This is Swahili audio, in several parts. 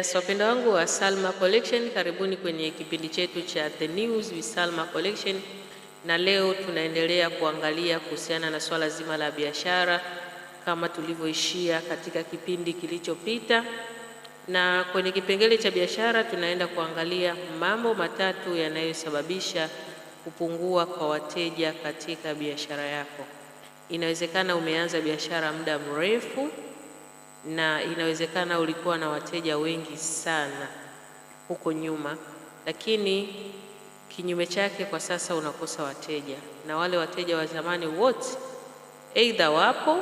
Yes, wangu wa Salma Collection, karibuni kwenye kipindi chetu cha The News with Salma Collection, na leo tunaendelea kuangalia kuhusiana na swala zima la biashara kama tulivyoishia katika kipindi kilichopita. Na kwenye kipengele cha biashara tunaenda kuangalia mambo matatu yanayosababisha kupungua kwa wateja katika biashara yako. Inawezekana umeanza biashara muda mrefu na inawezekana ulikuwa na wateja wengi sana huko nyuma, lakini kinyume chake kwa sasa unakosa wateja, na wale wateja wa zamani wote aidha wapo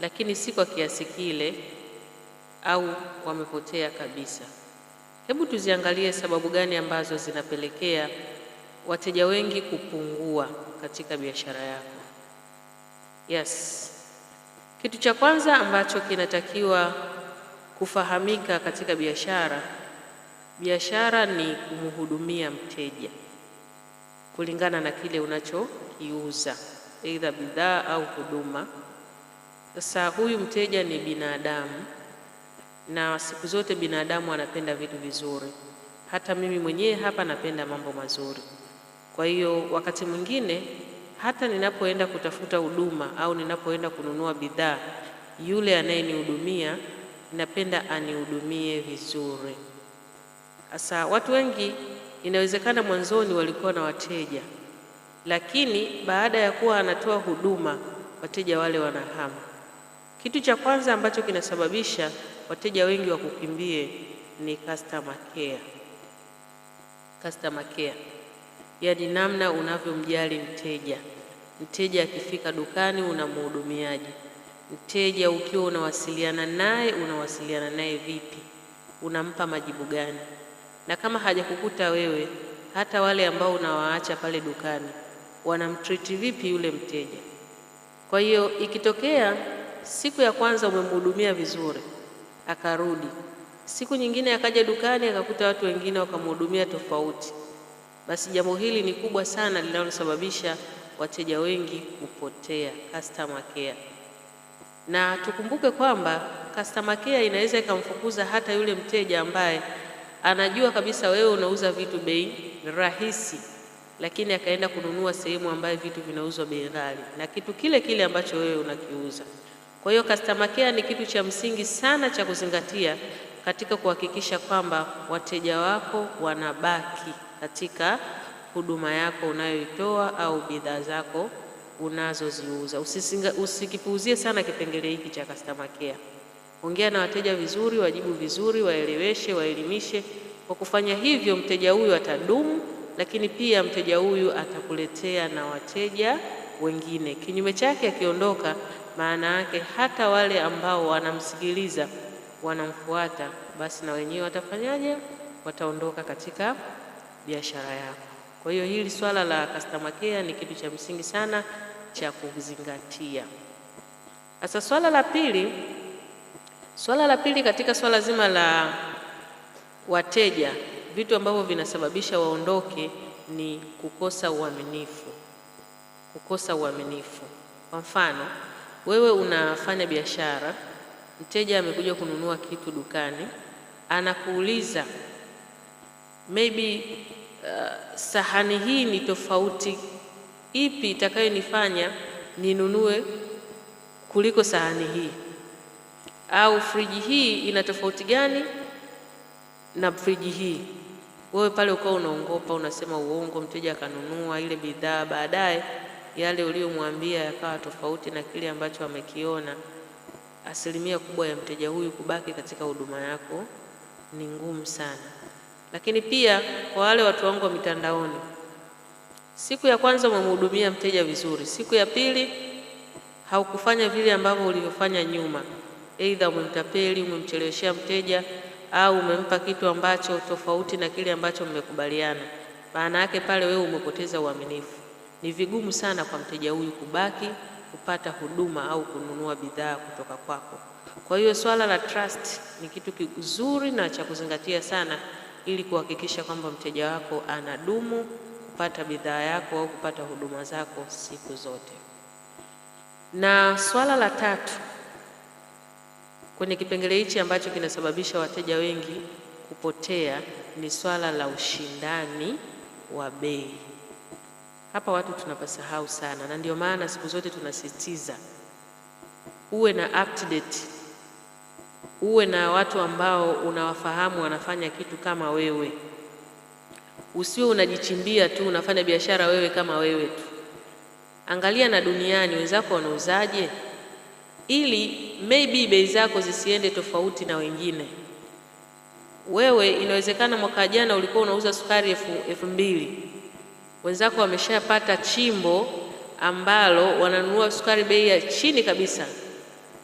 lakini si kwa kiasi kile au wamepotea kabisa. Hebu tuziangalie sababu gani ambazo zinapelekea wateja wengi kupungua katika biashara yako. Yes. Kitu cha kwanza ambacho kinatakiwa kufahamika katika biashara, biashara ni kumhudumia mteja kulingana na kile unachokiuza, aidha bidhaa au huduma. Sasa huyu mteja ni binadamu, na siku zote binadamu anapenda vitu vizuri. Hata mimi mwenyewe hapa napenda mambo mazuri. Kwa hiyo wakati mwingine hata ninapoenda kutafuta huduma au ninapoenda kununua bidhaa, yule anayenihudumia napenda anihudumie vizuri. Sasa watu wengi inawezekana mwanzoni walikuwa na wateja, lakini baada ya kuwa anatoa huduma wateja wale wanahama. Kitu cha kwanza ambacho kinasababisha wateja wengi wakukimbie ni customer care. Customer care yaani namna unavyomjali mteja. Mteja akifika dukani unamhudumiaje? Mteja ukiwa unawasiliana naye unawasiliana naye vipi? Unampa majibu gani? Na kama hajakukuta wewe, hata wale ambao unawaacha pale dukani wanamtriti vipi yule mteja? Kwa hiyo ikitokea siku ya kwanza umemhudumia vizuri, akarudi siku nyingine akaja dukani akakuta watu wengine wakamhudumia tofauti basi jambo hili ni kubwa sana linalosababisha wateja wengi kupotea customer care, na tukumbuke kwamba customer care inaweza ikamfukuza hata yule mteja ambaye anajua kabisa wewe unauza vitu bei rahisi, lakini akaenda kununua sehemu ambayo vitu vinauzwa bei ghali na kitu kile kile ambacho wewe unakiuza. Kwa hiyo customer care ni kitu cha msingi sana cha kuzingatia katika kuhakikisha kwamba wateja wako wanabaki katika huduma yako unayoitoa au bidhaa zako unazoziuza. Usikipuuzie sana kipengele hiki cha customer care. Ongea na wateja vizuri, wajibu vizuri, waeleweshe, waelimishe. Kwa kufanya hivyo, mteja huyu atadumu, lakini pia mteja huyu atakuletea na wateja wengine. Kinyume chake, akiondoka, maana yake hata wale ambao wanamsikiliza wanamfuata, basi na wenyewe watafanyaje? Wataondoka katika biashara yako. Kwa hiyo hili swala la customer care ni kitu cha msingi sana cha kuzingatia. Sasa swala la pili, swala la pili katika swala zima la wateja, vitu ambavyo vinasababisha waondoke ni kukosa uaminifu. Kukosa uaminifu, kwa mfano wewe unafanya biashara, mteja amekuja kununua kitu dukani, anakuuliza maybe uh, sahani hii ni tofauti ipi itakayonifanya ninunue kuliko sahani hii, au friji hii ina tofauti gani na friji hii. Wewe pale ukawa unaongopa, unasema uongo, mteja akanunua ile bidhaa, baadaye yale uliyomwambia yakawa tofauti na kile ambacho amekiona. Asilimia kubwa ya mteja huyu kubaki katika huduma yako ni ngumu sana. Lakini pia kwa wale watu wangu wa mitandaoni, siku ya kwanza umemhudumia mteja vizuri, siku ya pili haukufanya vile ambavyo ulivyofanya nyuma, aidha umemtapeli, umemcheleweshea mteja au umempa kitu ambacho tofauti na kile ambacho mmekubaliana. Maana yake pale wewe umepoteza uaminifu. Ni vigumu sana kwa mteja huyu kubaki kupata huduma au kununua bidhaa kutoka kwako. Kwa hiyo swala la trust ni kitu kizuri na cha kuzingatia sana ili kuhakikisha kwamba mteja wako anadumu kupata bidhaa yako au kupata huduma zako siku zote. Na swala la tatu kwenye kipengele hichi ambacho kinasababisha wateja wengi kupotea ni swala la ushindani wa bei. Hapa watu tunapasahau sana, na ndio maana siku zote tunasisitiza uwe na update uwe na watu ambao unawafahamu wanafanya kitu kama wewe. Usiwe unajichimbia tu unafanya biashara wewe kama wewe tu. Angalia na duniani wenzako wanauzaje, ili maybe bei zako zisiende tofauti na wengine. Wewe inawezekana mwaka jana ulikuwa unauza sukari elfu, elfu mbili wenzako wameshapata chimbo ambalo wananunua sukari bei ya chini kabisa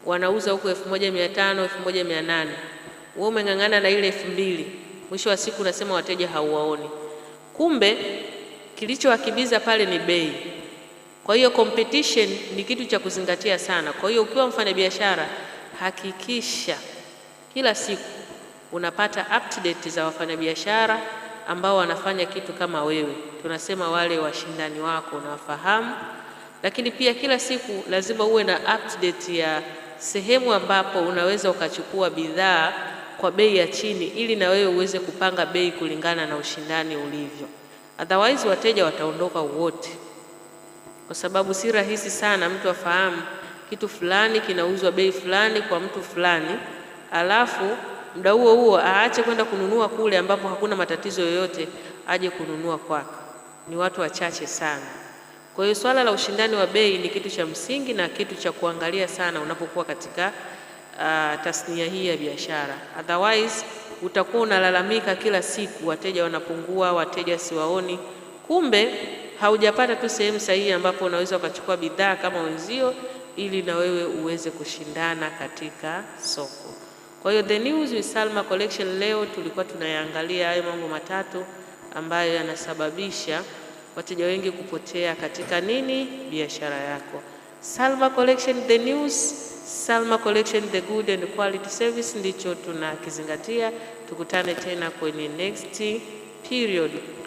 wanauza huko 1500 1800, wewe umeng'ang'ana na ile 2000, mwisho wa siku unasema wateja hauwaoni. Kumbe kilichowakibiza pale ni bei. Kwa hiyo competition ni kitu cha kuzingatia sana. Kwa hiyo ukiwa mfanyabiashara, hakikisha kila siku unapata update za wafanyabiashara ambao wanafanya kitu kama wewe. Tunasema wale washindani wako unawafahamu, lakini pia kila siku lazima uwe na update ya sehemu ambapo unaweza ukachukua bidhaa kwa bei ya chini ili na wewe uweze kupanga bei kulingana na ushindani ulivyo. Otherwise wateja wataondoka wote, kwa sababu si rahisi sana mtu afahamu kitu fulani kinauzwa bei fulani kwa mtu fulani, alafu muda huo huo aache kwenda kununua kule ambapo hakuna matatizo yoyote, aje kununua kwako. Ni watu wachache sana. Kwa hiyo swala la ushindani wa bei ni kitu cha msingi na kitu cha kuangalia sana unapokuwa katika uh, tasnia hii ya biashara. Otherwise utakuwa unalalamika kila siku, wateja wanapungua, wateja siwaoni, kumbe haujapata tu sehemu sahihi ambapo unaweza ukachukua bidhaa kama wenzio ili na wewe uweze kushindana katika soko. Kwa hiyo The News with Salma Collection leo tulikuwa tunayaangalia hayo mambo matatu ambayo yanasababisha wateja wengi kupotea katika nini? Biashara yako. Salma Collection the news, Salma Collection the good and quality service ndicho tunakizingatia. Tukutane tena kwenye next period.